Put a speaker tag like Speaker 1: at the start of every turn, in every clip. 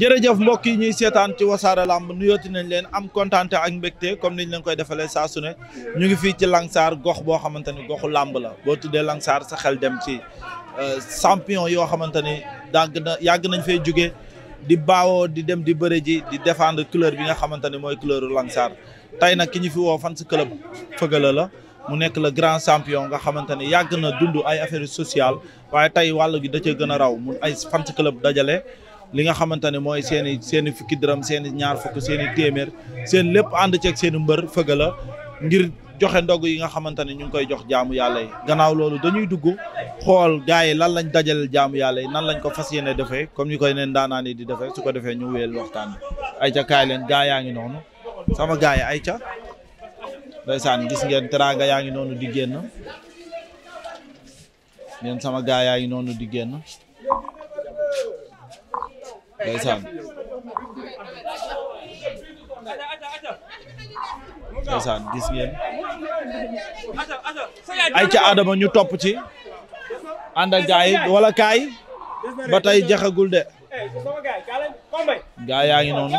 Speaker 1: jërëjëf mbokk yi ñuy seetaan ci wasaare lamb nuyooti nañ leen am kontaante ak mbégte comme niñ leen koy defalee saa su ne ñu ngi fii ci Langsar gox boo xamante ni goxu làmb la boo tuddee Langsar sa xel dem ci sampion euh, yoo xamante ni dàgg na yàgg nañ fay jóge di baawoo di dem di bëre ji di defender couleur bi nga xamante ni mooy couleuru Langsar tey nag ki ñu fi woo fan si club Feugeula la mu nekk la grand champion nga xamante ni yàgg na dund ay affaires sociales waaye tey wàll gi da cee gën a raw mu ay fan si club dajale. li nga xamante ne mooy seen i seen i fukki dërëm seen ñaar fukk seeni i téeméer seen lépp ànd ceeg seen mbër fëgga la ngir joxe ndog yi nga xamante ne ñu ngi koy jox jaamu yàlla yi gannaaw loolu dañuy dugg xool gars yi lan lañ dajaleel jaamu yàlla yi nan lañ ko fas yéene defee comme ñu koy neen daanaan di defee su ko defee ñu wéyal waxtaan ay ayca kaay leen gaa yaa ngi noonu sama gars yi ayca ndeysaan gis ngeen teraanga yaa ngi noonu di génn ngeen sama gars yaa ngi noonu di génn
Speaker 2: gis ngeen
Speaker 3: ay ca Adama ñu topp ci ànd ak gaay wala kaay ba tey jaxagul de gaay yaa ngi noonu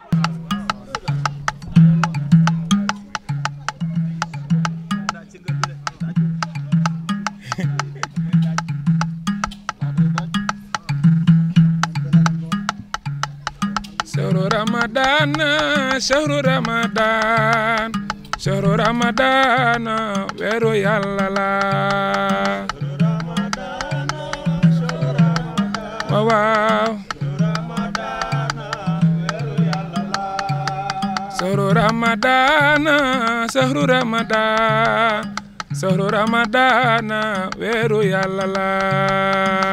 Speaker 4: رمضان شهر رمضان شهر رمضان ويرو يالا لا واو شهر رمضان شهر رمضان شهر رمضان ويرو يالا لا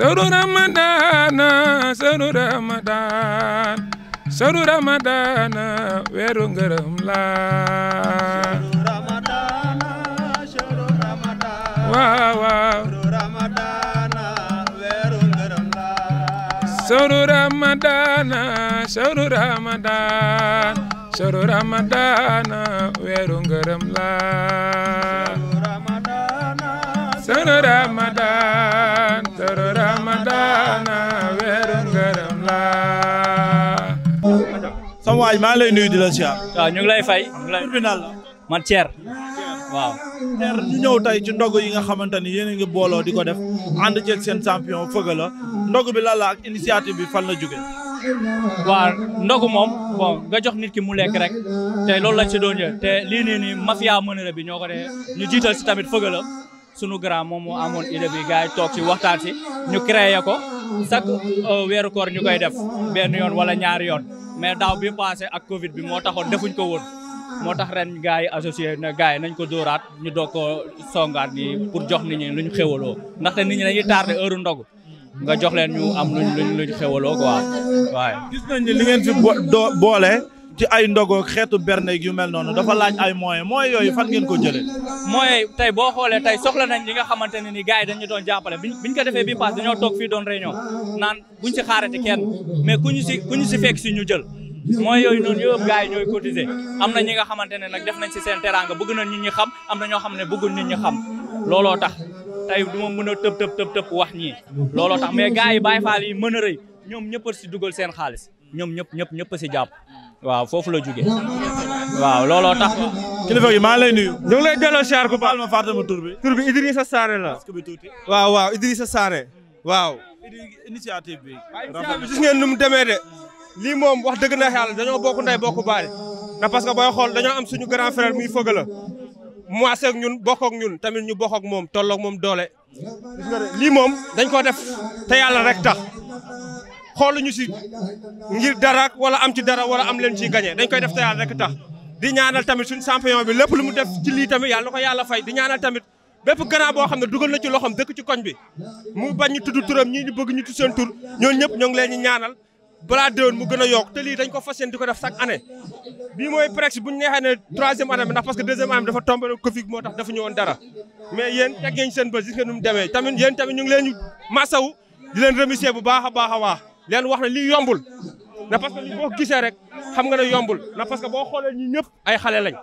Speaker 4: sahru ramadana sahru ramadan sahru ramadana weeru ngërëm la waaw waaw sahru ramadana sahru ramadan sahru ramadana weeru ngërëm la sunu ramadan maa
Speaker 5: ngi lay nuyu di la siyaar
Speaker 4: waaw ñu ngi lay
Speaker 1: fay tribunal la man Thier waaw Thier ñu ñëw tey ci ndog yi nga xamante ni yéen a ngi booloo di ko def ànd ceeg seen champion fëga bi lan la ak initiative
Speaker 5: bi fan la jóge waaw ndogu moom bon nga jox nit ki mu lekk rek te loolu lañ si doon jël te lii nii nii mafia mënera bi ñoo ko dee ñu jiital si tamit fëga sunu grand moom moo amoon idée bi gars yi toog ci waxtaan si ñu créé ko chaque euh, weeru koor ñu koy def benn yoon wala ñaari yoon mais daaw bi passé ak Covid bi moo taxoon defuñ ko woon moo tax ren gars yi associé na gars yi nañ ko dóoraat ñu doog ko songaat nii pour jox nit ñi lu ñu xéwaloo ndaxte nit ñi dañuy tardé heure ndogu nga jox leen ñu am luñ luñ luñ xéwaloo quoi waaye.
Speaker 1: gis nañ ni li ngeen fi boole. ci ay ndogoog xeetu berne yu mel noonu dafa laañ ay moyens moyens yooyu fan ngeen ko jëlee
Speaker 5: moyens tey boo xoolee tey soxla nañ li nga xamante ne ni gars yi dañu doon jàppale biñ ko defee bi pass dañoo toog fii doon réunion naan buñ si xaarati kenn mais ku ñu si ñu si fekk si ñu jël mooy yooyu noonu yëpp gars ñooy cotiser am na ñi nga xamante ne nag def nañ si seen teraanga bëgg na nit ñi xam am na ñoo xam ne bëggul nit ñi xam looloo tax tey du ma mën a tëb tëb tëb tëb wax ñii looloo tax mais gars yi Baye Fall yi mën a rëy ñoom ñëpp si dugal seen xaalis ñoom ñëpp ñëpp ñëpp si jàpp waaw foofu la jóge waaw looloo tax
Speaker 3: yi maa ngi lay nuyu ñu ngi lay delloo siyaar ku baal ma fàttama tur bi tur bi Idrissa Saare la waaw waaw Idrissa Saare waaw
Speaker 1: initiative bi
Speaker 3: gis ngeen nu mu demee de lii moom wax dëgg na yàlla dañoo bokk ndey bokk baay ndax parce que booy xool dañoo am suñu grand frère muy fëgg la mu ak ñun bokk ak ñun tamit ñu bokk ak moom toll ak moom doole gis moom dañ ko def yàlla rek ñu si ngir dara wala am ci dara wala am leen ciy gañe dañ koy def te yàlla rek tax di ñaanal tamit suñu champion bi lépp lu mu def ci lii tamit yàlla ko yàlla fay di ñaanal tamit bépp grand boo xam ne dugal na ci loxoom dëkk ci bi mu bañ ñu tudd turam ñii ñu bëgg ñu tudd seen ñooñu ñëpp ñoo ngi leen ñu ñaanal balaa déwén mu gën a yokk te lii dañ ko fas yéene di ko def chaque année bii mooy presque bu ñu neexee ne troisième année bi ndax parce que deuxième année bi dafa tombé Covid moo tax dafa ñëwoon dara mais yéen teg mu demee tamit yéen tamit ñu ngi leen masawu di leen remercier bu baax baax a leen wax na lii yombul na parce que li boo gisee rek xam nga ne yombul na parce que boo xoolee ñu ñëpp ay xale lañ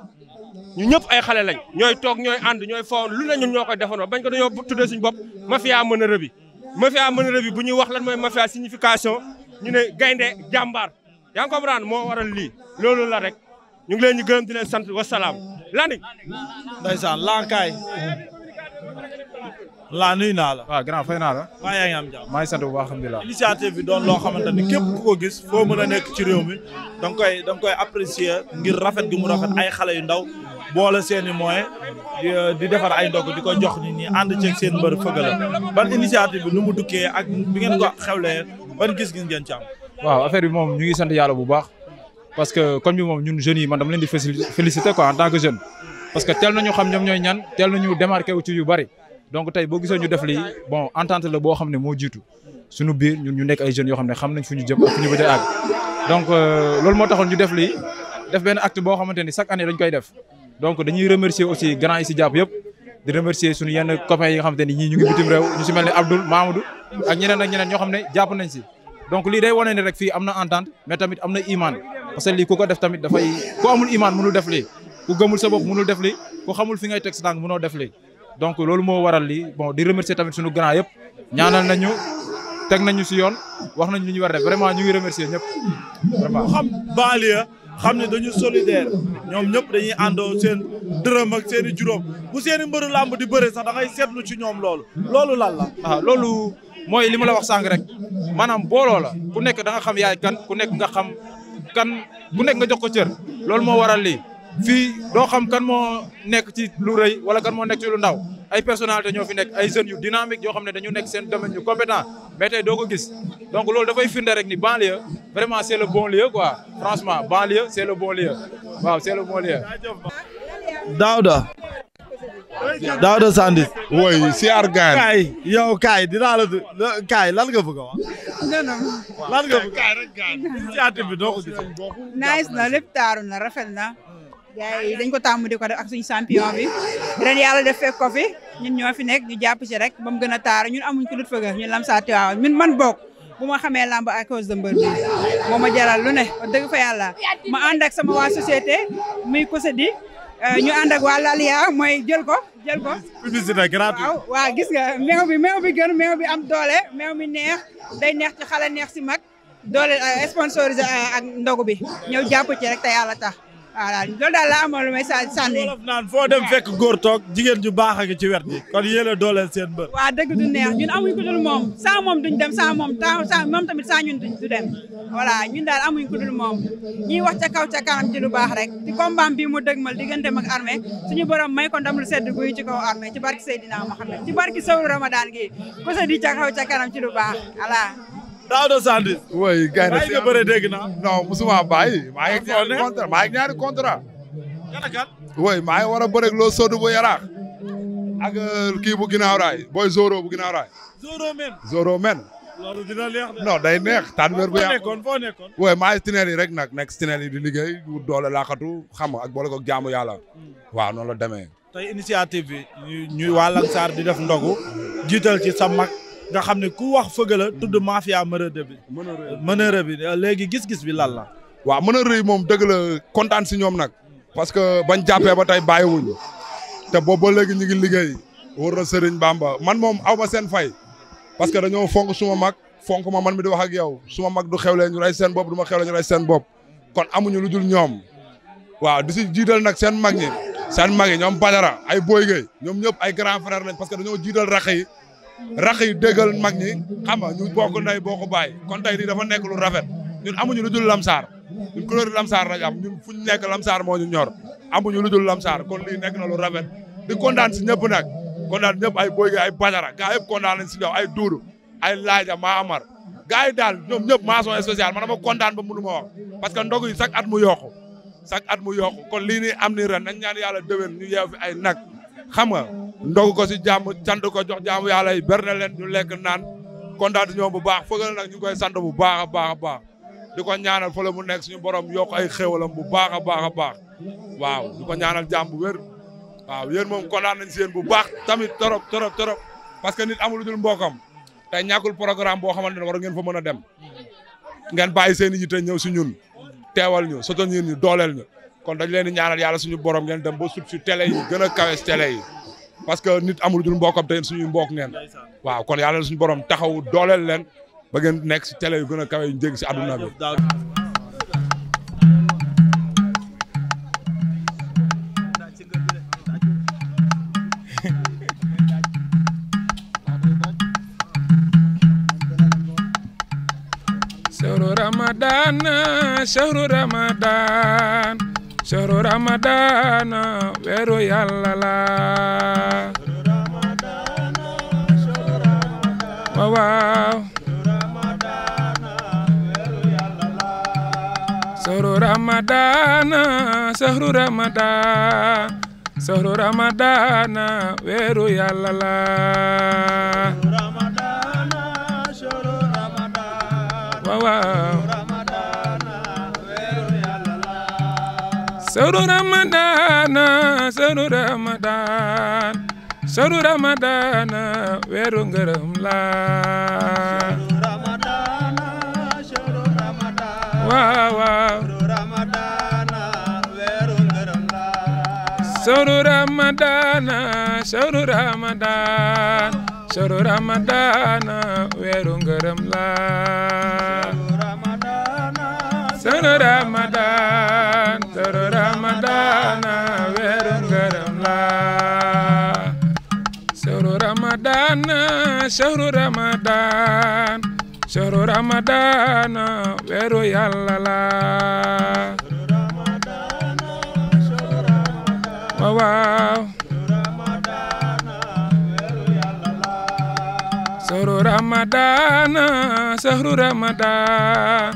Speaker 3: ñu ñëpp ay xale lañ ñooy toog ñooy ànd ñooy fawoon lu ne ñun ñoo koy defandoo bañ ko dañoo tuddee suñu bopp mafia mën a rëbbi mafia mën a rëbbi bu ñuy wax lan mooy mafia signification ñu ne gaynde jàmbaar yaa ko comprendre moo waral lii loolu la rek ñu ngi leen ñu gërëm di leen sant wasalaam landi ndeysaan lankaay
Speaker 1: laa nuyu naa la. waaw grand fay am jàmm. maa ngi sant bu baax alhamdulilah. initiative bi doon loo xamante ni képp ku ko gis foo mën a nekk ci réew mi da koy da nga ngir rafet gi mu rafet ay xale yu ndaw boole seen i moyens euh, di defar ay ndog di ko jox nit ñi ànd ceeg seen mbër fëgg la ban initiative bi nu mu dukkee ak bi ngeen ko xewlee ban gis-gis
Speaker 6: ngeen ci am. waaw bi moom ñu ngi sant yàlla bu baax parce que comme bi moom ñun jeunes yi man dama leen di féliciter quoi en tant que jeune. wu yu bari donc tey boo gisee ñu def lii bon entente la boo xam ne moo jiitu suñu biir ñun ñu nekk ay jeunes yoo xam ne xam nañ fu ñu jëm ak fu ñu bëgg euh, loolu moo taxoon ñu def lii def benn acte boo xamante ni chaque année dañ koy def donc dañuy remercier aussi grand si jàpp yëpp di suñu yenn copains yi nga ni ñii ñu ngi bitim réew mel ne Abdoul Mamadou ak ak ñeneen ñoo xam ne jàpp nañ si donc lii day wane ne rek fii am na entente mais tamit am na iman parce que lii ku ko def tamit dafay ku amul iman mënul def lii ku gëmul sa def lii ku xamul fi ngay teg sa tànk mënoo def lii donc loolu moo waral lii bon di remercier tamit suñu grand yëpp ñaanal nañu teg nañu si yoon wax nañu li ñu war def
Speaker 1: vraiment ñu ngi remercier ñëpp vraiment. xam banlieue xam ne dañu solidaire ñoom ñëpp dañuy àndoo seen dërëm ak juróom bu seen mbëru làmb di bëre sax da ngay seetlu ci ñoom loolu loolu lan la. Ah, loolu mooy li ma la wax sànq rek maanaam booloo la
Speaker 6: ku nekk da xam yaay kan ku nekk nga xam kan ku nekk nga jox ko cër loolu moo waral lii. fii doo xam kan moo nekk ci lu rëy wala kan moo nekk ci lu ndaw ay personnalité ñoo fi nekk ay jeunes yu dynamique yoo xam ne dañu nekk seen domaine yu compétent mais tey doo ko gis donc loolu dafay firnde rek ni banlieue vraiment c'est le bon lieu quoi franchement banlieue c'est le bon lieu waaw c'est le bon
Speaker 1: lieu. Daouda.
Speaker 2: Daouda Sandwich.
Speaker 1: woy si aar gaay yow kaay dinaa la kaay lan nga bëgg a wax.
Speaker 2: non non. lan nga bëgg a wax. initiative bi na lépp na rafet na. gars yi dañ ko tàmm di ko def ak suñu champion bi ren yàlla def fekk ko ñun ñoo fi nekk ñu jàpp ci rek ba mu gën a taar ñun amuñ ko dut fëga ñun Lamsaar Tivaouane ñun man bokk bu ma xamee làmb à cause de mbër moo ma jaral lu ne wax dëgg yàlla ma ànd ak sama waa société muy kosa di euh, ñu ànd ak waa Lalia mooy jël ko jël ko. publicité gratuite waaw waaw gis nga meew bi meew bi gën meew bi am doole meew mi neex day neex ci xale neex si mag doole euh, sponsorisé euh, ak ndogu bi ñëw jàpp ci rek te yàlla tax. voilà loolu daal la amoon lu may sànni. wolof naan foo dem fekk
Speaker 1: góor toog jigéen ju baax a ngi ci wet gi. kon yéen a dooleel seen mbër.
Speaker 2: waa dëgg du neex ñun amuñ ko dul moom sans moom duñ dem sans moom sans moom tamit sans ñun du dem. voilà ñun daal amuñ ko dul moom ñuy wax ca kaw ca kanam ci lu baax rek kom combat bi mu dëgmal digganteem ak armée suñu borom may ko ndam lu sedd guy ci kaw armée ci barki Seydina Muhammad ci barki sawru Ramadan gi ko sa di ca kaw ca kanam ci lu baax voilà. Daouda Sandwich.
Speaker 7: oui gars yi nga bëre dégg musuma bàyyi. maa ngi ñaari contrat maa ngi ñaari contrat. oui maa loo soodu bu yaraax. ak euh, kii bu ginnaaw raay booy Zoro bu ginnaaw raay.
Speaker 1: Zoro
Speaker 7: dina neex de. day neex tànn bu yàqu. foo nekkoon foo maa ngi tineel yi rek nag nekk tineel yi liggéey wut doole laaxatu xam ak
Speaker 1: boole ko jaamu yàlla. Mm. waaw noonu la demee. tey initiative bi. ñuy waa di def ndogu. jiital ci sa mag nga xam ne ku wax fëgg la tudd mafia mënërë bi mënërë bi léegi gis-gis bi lan la waaw mënërë yi moom dëgg kontaan si ñoom nag
Speaker 7: parce que bañ jàppee ba tey bàyyiwuñu te booba léegi ñu ngi liggéey wër na Sëriñ Bamba man moom aw ma seen fay parce que dañoo fonk suma mag fonk ma man mi di wax ak yow suma mag du xewlee ñu rey seen bopp du ma xewlee ñu rey seen bopp kon amuñu lu dul ñoom waaw di si jiital nag seen mag ñi seen mag yi ñoom Badara ay Boy Gueye ñoom ñëpp ay grand frère lañ parce dañoo jiital rakk yi rax yi déggal mag ñi xam nga ñu bokk nday boo ko bàyyi kon tey lii dafa nekk lu rafet ñun amuñu lu dul lamsaar ñun couleur lamsaar lañ am ñun fuñ nekk lamsaar moo ñu ñor amuñu lu dul lamsaar kon lii nekk rafet di kontaan si ñëpp nag kontaan ñëpp ay boyge ay bajara gaa yëpp kontaan si ñoom ay duudu ay laaja maa amar daal ñoom ñëpp mention spéciale man dama kontaan ba mënu ma wax parce que ndog at mu yokku chaque at mu yokku kon lii nii am ni ren xam nga ndog ko si jàmm cant ko jox jàmm yàlla yi berne leen ñu lekk naan kontaan ñoom bu baax fëgal na ñu koy sant bu baax a baax a baax di ko ñaanal fa la mu nekk suñu borom yokk ay xéwalam bu baax a baax a baax waaw di ko ñaanal jàmm bu wér waaw yéen moom kontaan nañ si bu baax tamit torop torop torop parce que nit amul dul mbokam tey ñakul programme boo xamante ne war ngeen fa mën a dem ngeen bàyyi seen i yitte si ñun teewal ñu soto ñun ñu dooleel ñu kon dañ leen di ñaanal yàlla suñu borom ngeen dem ba sut si télé yi gën a kawe télé yi parce que nit amul dul mbokkam te suñuy mbokk ngeen waaw kon yàlla suñu borom taxaw dooleel leen ba ngeen nekk si tele yu gën a kawe yu si àdduna bi
Speaker 4: soro ramadana weeru yàlla la waaw waaw soro ramadana soro ramadana soro ramadana weeru yàlla la waaw waaw sahru ramadana sahru ramadan sahru ramadana weeru ngërëm la waaw waaw sahru ramadana sahru ramadan sahru ramadana weeru ngërëm la sahru ramadan رمضان شهر رمضان شهر رمضان ويرو يالا لا واو شهر رمضان شهر رمضان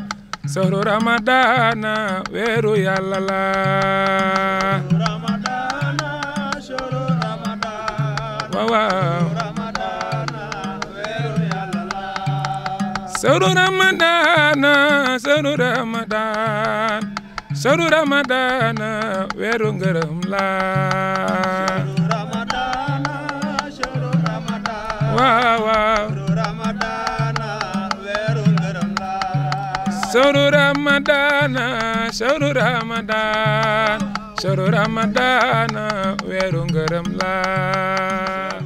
Speaker 4: شهر رمضان ويرو يالا لا واو sahru ramadana sahru ramadan sahru ngërëm la